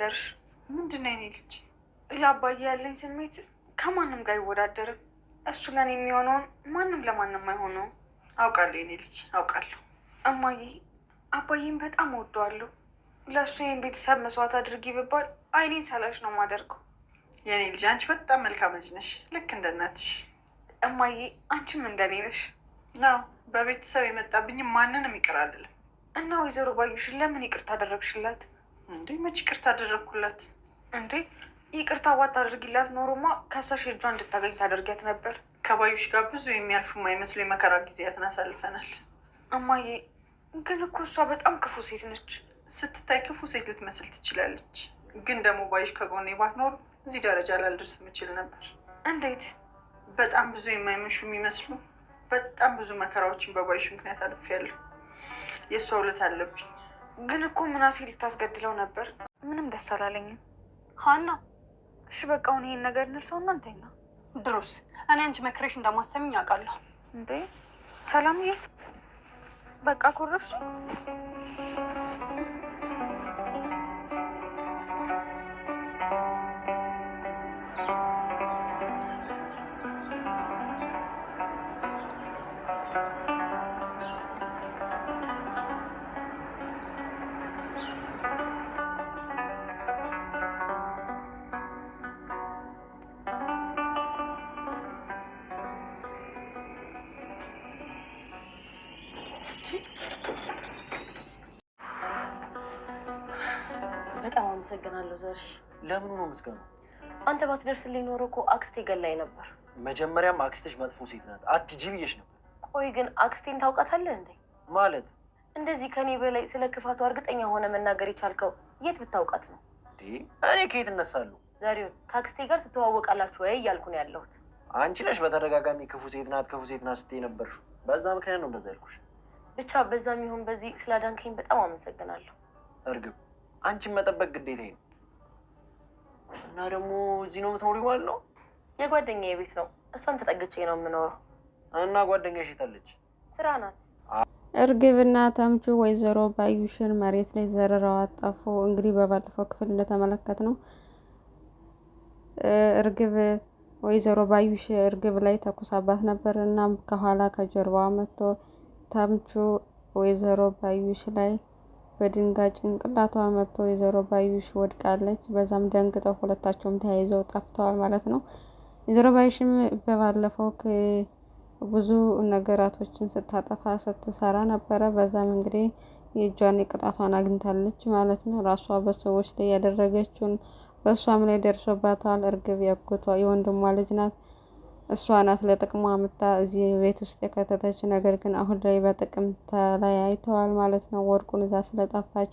ልንገርሽ፣ ምንድን ነው የኔ ልጅ፣ ለአባዬ ያለኝ ስሜት ከማንም ጋር አይወዳደርም። እሱ ለኔ የሚሆነውን ማንም ለማንም አይሆነውም። አውቃለሁ የኔ ልጅ አውቃለሁ። እማዬ፣ አባዬን በጣም እወደዋለሁ። ለእሱ ይህን ቤተሰብ መስዋዕት አድርጊ ብባል አይኔን ሳላሽ ነው ማደርገው። የኔ ልጅ አንቺ በጣም መልካም ልጅ ነሽ፣ ልክ እንደ እናትሽ። እማዬ፣ አንቺም እንደኔ ነሽ ነው። በቤተሰብ የመጣብኝም ማንንም ይቅር አልልም እና ወይዘሮ ባዩሽን ለምን ይቅር ታደረግሽላት? እንዴ መች ይቅርታ አደረግኩላት እንዴ? ይቅርታ ዋጥ አድርጊላት ኖሮማ ከሳሽ እጇ እንድታገኝ ታደርጊያት ነበር። ከባዮች ጋር ብዙ የሚያልፉ የማይመስሉ የመከራ ጊዜያትን አሳልፈናል። እማዬ ግን እኮ እሷ በጣም ክፉ ሴት ነች። ስትታይ ክፉ ሴት ልትመስል ትችላለች፣ ግን ደግሞ ባዮች ከጎኔ ባትኖር እዚህ ደረጃ ላልደርስም የምችል ነበር። እንዴት? በጣም ብዙ የማይመሹ የሚመስሉ በጣም ብዙ መከራዎችን በባዮች ምክንያት አልፌያለሁ። የእሷ ውለት አለብኝ። ግን እኮ ምናሴ ልታስገድለው ነበር። ምንም ደስ አላለኝም ሀና። እሺ በቃ አሁን ይሄን ነገር እንርሰው። እናንተኛ ድሩስ እኔ አንቺ መክሬሽ እንደማሰሚኝ አውቃለሁ። እንዴ ሰላምዬ፣ በቃ ኮረፍሽ። በጣም አመሰግናለሁ ዘርሽ። ለምኑ ነው ምስጋናው? አንተ ባትደርስልኝ ኖሮ እኮ አክስቴ ገላይ ነበር። መጀመሪያም አክስትሽ መጥፎ ሴት ናት፣ አትጂ ብዬሽ ነበር። ቆይ ግን አክስቴን ታውቃታለህ እንዴ? ማለት እንደዚህ ከኔ በላይ ስለ ክፋቱ እርግጠኛ ሆነ መናገር የቻልከው የት ብታውቃት ነው? እኔ ከየት እነሳለሁ? ዛሬውን ከአክስቴ ጋር ትተዋወቃላችሁ ወይ እያልኩ ነው ያለሁት። አንቺ ነሽ በተደጋጋሚ ክፉ ሴት ናት፣ ክፉ ሴት ናት ስትይ ነበርሽው። በዛ ምክንያት ነው እንደዛ ያልኩሽ። ብቻ በዛም ይሁን በዚህ ስላዳንከኝ በጣም አመሰግናለሁ እርግብ። አንቺን መጠበቅ ግዴታ ነው። እና ደግሞ እዚህ ነው የምትኖሪው ማለት ነው? የጓደኛዬ ቤት ነው። እሷን ተጠግቼ ነው የምኖረው። እና ጓደኛሽ የት አለች? ስራ ናት። እርግብና ተምቹ ወይዘሮ ባዩሽን መሬት ላይ ዘርረው አጠፉ። እንግዲህ በባለፈው ክፍል እንደተመለከት ነው እርግብ ወይዘሮ ባዩሽ እርግብ ላይ ተኩሳባት ነበር እና ከኋላ ከጀርባዋ መጥቶ ተምቹ ወይዘሮ ባዩሽ ላይ በድንጋይ ጭንቅላቷን መጥቶ ወይዘሮ ባዩሽ ወድቃለች። በዛም ደንግጠው ሁለታቸውም ተያይዘው ጠፍተዋል ማለት ነው። ወይዘሮ ባዩሽም በባለፈው ብዙ ነገራቶችን ስታጠፋ ስትሰራ ነበረ። በዛም እንግዲህ የእጇን ቅጣቷን አግኝታለች ማለት ነው። ራሷ በሰዎች ላይ ያደረገችውን በእሷም ላይ ደርሶባታል። እርግብ ያጎቷ የወንድሟ ልጅ ናት። እሷ ናት ለጥቅሟ ምታ እዚህ ቤት ውስጥ የከተተች። ነገር ግን አሁን ላይ በጥቅም ተለያይተዋል ማለት ነው። ወርቁን እዛ ስለጠፋች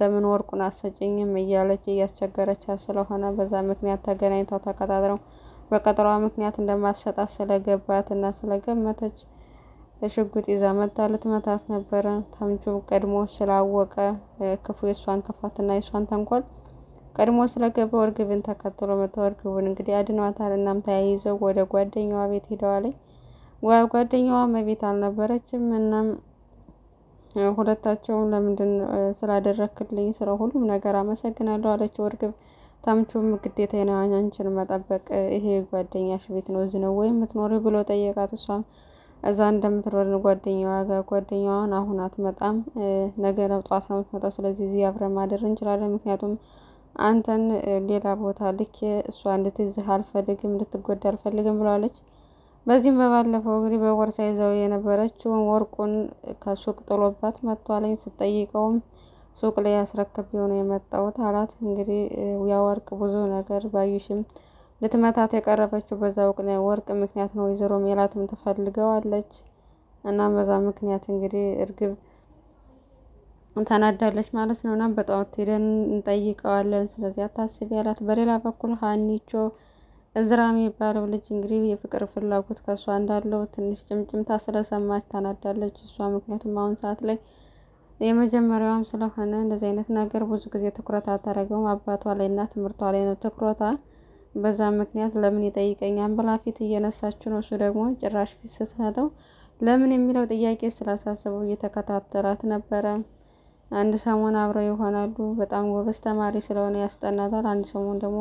ለምን ወርቁን አሰጭኝም እያለች እያስቸገረች ስለሆነ በዛ ምክንያት ተገናኝተው ተቀጣጥረው በቀጠሯ ምክንያት እንደማሰጣት እና ስለገመተች ሽጉጥ ይዛ መታ ልትመታት ነበረ። ተምቹ ቀድሞ ስላወቀ ክፉ የእሷን ክፋትና የእሷን ተንኮል ቀድሞ ስለገባ እርግብን ተከትሎ መጥቶ እርግቡን እንግዲህ አድኗታል። እናም ተያይዘው ወደ ጓደኛዋ ቤት ሄደዋለኝ። ጓደኛዋ መቤት አልነበረችም። እናም ሁለታቸውን ለምንድን ስላደረክልኝ ስለ ሁሉም ነገር አመሰግናለሁ አለችው እርግብ። ታምቹም ግዴታ አንቺን መጠበቅ ይሄ ጓደኛሽ ቤት ነው እዚህ ነው ወይም የምትኖሪ ብሎ ጠየቃት። እሷም እዛ እንደምትኖር ጓደኛዋ ጋር ጓደኛዋን አሁን አትመጣም፣ ነገ ጠዋት ነው የምትመጣው። ስለዚህ እዚህ አብረን ማደር እንችላለን ምክንያቱም አንተን ሌላ ቦታ ልኬ እሷ እንድትይዝህ አልፈልግም፣ እንድትጎዳ አልፈልግም ብለዋለች። በዚህም በባለፈው እንግዲህ በቦርሳ ይዘው የነበረችውን ወርቁን ከሱቅ ጥሎባት መጥቷለኝ። ስጠይቀውም ሱቅ ላይ ያስረክብ የሆነ የመጣሁት አላት። እንግዲህ ያ ወርቅ ብዙ ነገር ባዩሽም ልትመታት የቀረበችው በዛ ወርቅ ምክንያት ነው። ወይዘሮ ሜላትም ትፈልገዋለች። እናም በዛ ምክንያት እንግዲህ እርግብ ተናዳለች ማለት ነው። እና በጠዋት ሄደን እንጠይቀዋለን። ስለዚህ አታስቢ ያላት። በሌላ በኩል ሀኒቾ እዝራ የሚባለው ልጅ እንግዲህ የፍቅር ፍላጎት ከእሷ እንዳለው ትንሽ ጭምጭምታ ስለሰማች ተናዳለች እሷ። ምክንያቱም አሁን ሰዓት ላይ የመጀመሪያውም ስለሆነ እንደዚህ አይነት ነገር ብዙ ጊዜ ትኩረት አታደርገውም። አባቷ ላይ እና ትምህርቷ ላይ ነው ትኩረቷ። በዛ ምክንያት ለምን ይጠይቀኛል ብላ ፊት እየነሳችው ነው። እሱ ደግሞ ጭራሽ ፊት ስትሰጠው ለምን የሚለው ጥያቄ ስላሳስበው እየተከታተላት ነበረ። አንድ ሰሞን አብረው ይሆናሉ። በጣም ጎበዝ ተማሪ ስለሆነ ያስጠናታል። አንድ ሰሞን ደግሞ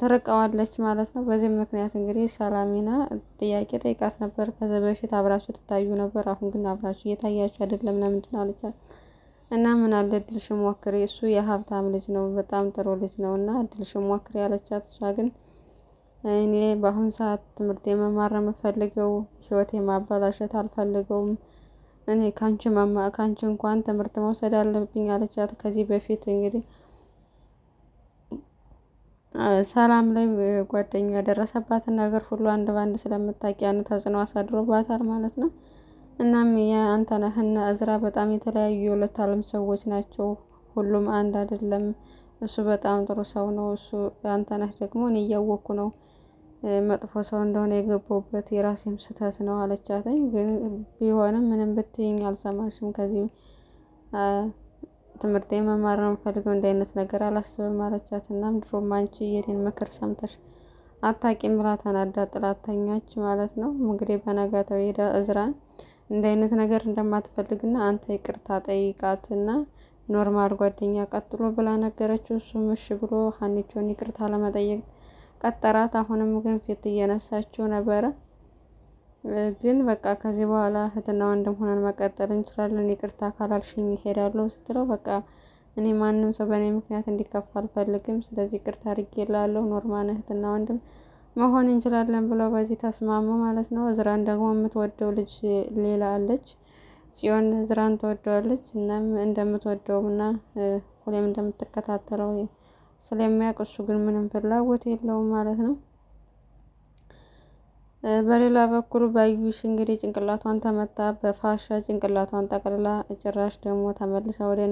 ትርቀዋለች ማለት ነው። በዚህም ምክንያት እንግዲህ ሰላሚና ጥያቄ ጠይቃት ነበር። ከዚ በፊት አብራችሁ ትታዩ ነበር፣ አሁን ግን አብራችሁ እየታያችሁ አይደለም፣ ለምንድን አለቻት። እና ምን አለ እድልሽን ሞክሪ፣ እሱ የሀብታም ልጅ ነው፣ በጣም ጥሩ ልጅ ነው እና እድልሽን ሞክሪ ያለቻት። እሷ ግን እኔ በአሁኑ ሰዓት ትምህርት የመማር የምፈልገው ህይወት የማበላሸት አልፈልገውም እኔ ካንቺ መማ ካንቺ እንኳን ትምህርት መውሰድ አለብኝ አለቻት። ከዚህ በፊት እንግዲህ ሰላም ላይ ጓደኛ ያደረሰባትን ነገር ሁሉ አንድ ባንድ ስለምታውቂ ያን ተጽዕኖ አሳድሮባታል ማለት ነው። እናም ነህና እዝራ በጣም የተለያዩ የሁለት ዓለም ሰዎች ናቸው። ሁሉም አንድ አይደለም። እሱ በጣም ጥሩ ሰው ነው። እሱ ነህ ደግሞ እኔ እያወቅኩ ነው መጥፎ ሰው እንደሆነ የገባሁበት የራሴም ስህተት ነው አለቻትኝ። ግን ቢሆንም ምንም ብትይኝ አልሰማሽም። ከዚህ ትምህርት መማር ነው የምፈልገው፣ እንዲህ አይነት ነገር አላስብም አለቻት። እናም ድሮም አንቺ የኔን ምክር ሰምተሽ አታቂም ብላ ተናዳ ጥላተኛች ማለት ነው። እንግዲህ በነጋታው ሄዳ እዝራን እንዲህ አይነት ነገር እንደማትፈልግና አንተ ይቅርታ ጠይቃትና ኖርማል ጓደኛ ቀጥሎ ብላ ነገረችው። እሱም እሺ ብሎ ሀኒቾን ይቅርታ ለመጠየቅ ቀጠራት። አሁንም ግን ፊት እየነሳችው ነበረ። ግን በቃ ከዚህ በኋላ እህትና ወንድም ሆነን መቀጠል እንችላለን፣ ይቅርታ ካላልሽኝ ይሄዳለሁ ስትለው በቃ እኔ ማንም ሰው በእኔ ምክንያት እንዲከፋ አልፈልግም፣ ስለዚህ ይቅርታ አድርጌላለሁ፣ ኖርማን እህትና ወንድም መሆን እንችላለን ብለው በዚህ ተስማሙ ማለት ነው። እዝራን ደግሞ የምትወደው ልጅ ሌላ አለች። ጽዮን እዝራን ትወደዋለች። እናም እንደምትወደውና ሁሌም እንደምትከታተለው ስለሚያውቅ እሱ ግን ምንም ፍላጎት የለውም ማለት ነው። በሌላ በኩል ባዩሽ እንግዲህ ጭንቅላቷን ተመታ በፋሻ ጭንቅላቷን ጠቅልላ ጭራሽ ደግሞ ተመልሳ ወደ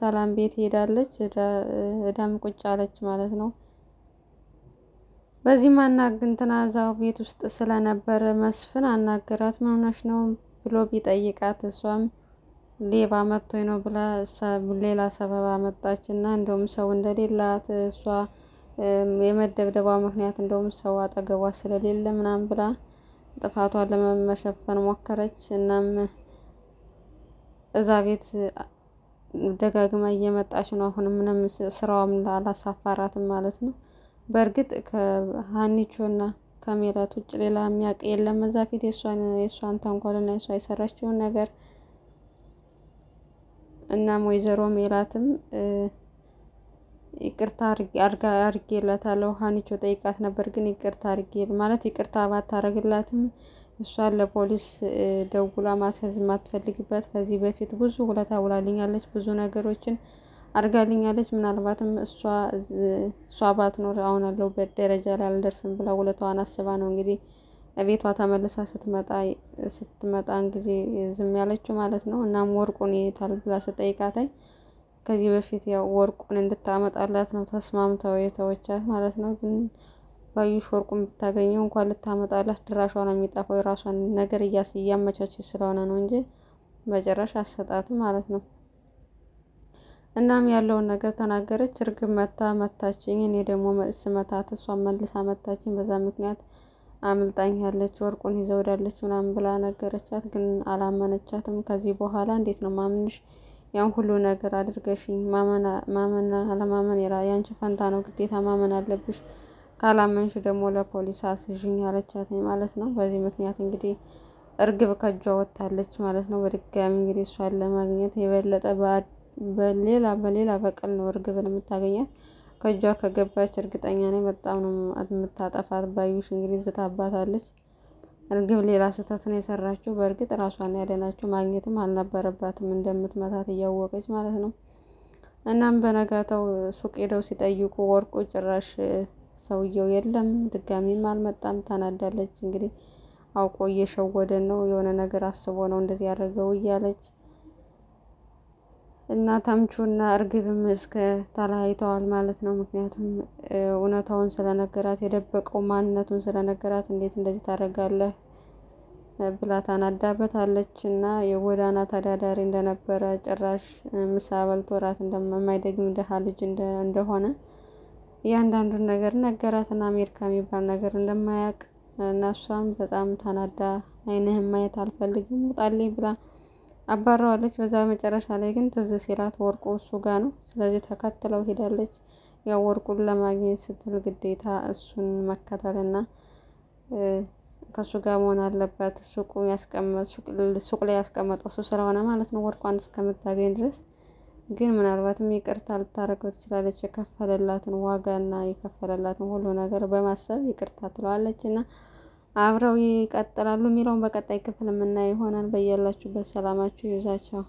ሰላም ቤት ሄዳለች። እዳም ቁጭ አለች ማለት ነው። በዚህም ማናግንትና እዛው ቤት ውስጥ ስለነበረ መስፍን አናገራት። ምን ሆነሽ ነው ብሎ ቢጠይቃት እሷም ሌባ መጥቶኝ ነው ብላ ሌላ ሰበብ አመጣች እና እንደውም ሰው እንደሌላት እሷ የመደብደቧ ምክንያት እንደውም ሰው አጠገቧ ስለሌለ ምናምን ብላ ጥፋቷን ለመሸፈን ሞከረች። እናም እዛ ቤት ደጋግማ እየመጣች ነው። አሁን ምንም ስራዋም አላሳፋራትም ማለት ነው። በእርግጥ ከሀኒቾና ከሜላት ውጭ ሌላ የሚያውቅ የለም። እዛ ፊት የእሷን ተንኮልና የእሷ የሰራችውን ነገር እናም ወይዘሮ ሜላትም ይቅርታ አርጋ ሀኒቾ ጠይቃት ነበር፣ ግን ይቅርታ አርጌ ማለት ይቅርታ ባታረግላትም እሷን ለፖሊስ ደውላ ማስያዝ የማትፈልግበት ከዚህ በፊት ብዙ ውለታ ውላልኛለች፣ ብዙ ነገሮችን አርጋልኛለች። ምናልባትም እሷ ባትኖር አሁን ያለሁበት ደረጃ ላይ አልደርስም ብላ ውለታዋን አስባ ነው እንግዲህ ቤቷ ተመልሳ ስትመጣ ስትመጣ ዝም ያለችው ማለት ነው። እናም ወርቁን የታል ብላ ስጠይቃታይ ከዚህ በፊት ያው ወርቁን እንድታመጣላት ነው ተስማምተው የተወቻት ማለት ነው። ግን ባዩሽ ወርቁን ብታገኘው እንኳን ልታመጣላት ድራሿ ነው የሚጠፋው። የራሷን ነገር እያስ እያመቻች ስለሆነ ነው እንጂ መጨረሻ አሰጣትም ማለት ነው። እናም ያለውን ነገር ተናገረች። እርግብ መታ መታችኝ፣ እኔ ደግሞ ስመታት እሷን መልሳ መታችኝ። በዛ ምክንያት አምልጣኛለች ወርቁን ይዘውዳለች ምናምን ብላ ነገረቻት። ግን አላመነቻትም። ከዚህ በኋላ እንዴት ነው ማምንሽ? ያን ሁሉ ነገር አድርገሽኝ ማመን አለማመን የአንቺ ፈንታ ነው፣ ግዴታ ማመን አለብሽ። ካላመንሽ ደግሞ ለፖሊስ አስዥኝ አለቻት ማለት ነው። በዚህ ምክንያት እንግዲህ እርግብ ከእጇ ወጥታለች ማለት ነው። በድጋሚ እንግዲህ እሷን ለማግኘት የበለጠ በሌላ በሌላ በቀል ነው እርግብን የምታገኛት። ከእጇ ከገባች እርግጠኛ ነኝ በጣም ነው የምታጠፋት። ባዩሽ እንግዲህ ዝታባታለች። እርግብ ሌላ ስህተት ነው የሰራችው። በእርግጥ ራሷን ያደናችው ማግኘትም አልነበረባትም እንደምትመታት እያወቀች ማለት ነው። እናም በነጋታው ሱቅ ሄደው ሲጠይቁ ወርቁ ጭራሽ ሰውየው የለም፣ ድጋሚም አልመጣም። ታናዳለች እንግዲህ አውቆ እየሸወደን ነው፣ የሆነ ነገር አስቦ ነው እንደዚህ ያደረገው እያለች እና ተምቹና እርግብም እስከ ተለያይተዋል ማለት ነው። ምክንያቱም እውነታውን ስለነገራት የደበቀው ማንነቱን ስለነገራት እንዴት እንደዚህ ታደርጋለህ ብላ ታናዳበታለች። እና የጎዳና ተዳዳሪ እንደነበረ ጭራሽ ምሳ በልቶ እንደማይደግም ደሃ ልጅ እንደሆነ እያንዳንዱን ነገር ነገራትና አሜሪካ የሚባል ነገር እንደማያውቅ እና እሷም በጣም ታናዳ አይንህም ማየት አልፈልግም ውጣልኝ ብላ አባረዋለች። በዛ መጨረሻ ላይ ግን ትዝ ሲላት ወርቁ እሱ ጋ ነው። ስለዚህ ተከትለው ሄዳለች። ያው ወርቁን ለማግኘት ስትል ግዴታ እሱን መከተልና ከእሱ ጋር መሆን አለበት። ሱቁ ሱቅ ላይ ያስቀመጠው እሱ ስለሆነ ማለት ነው ወርቋን እስከምታገኝ ድረስ ግን ምናልባትም ይቅርታ ልታደርገው ትችላለች። የከፈለላትን ዋጋና የከፈለላትን ሁሉ ነገር በማሰብ ይቅርታ ትለዋለች እና አብረው ይቀጥላሉ የሚለውን በቀጣይ ክፍል የምናየው ይሆናል። በያላችሁበት ሰላማችሁ ይብዛቸው።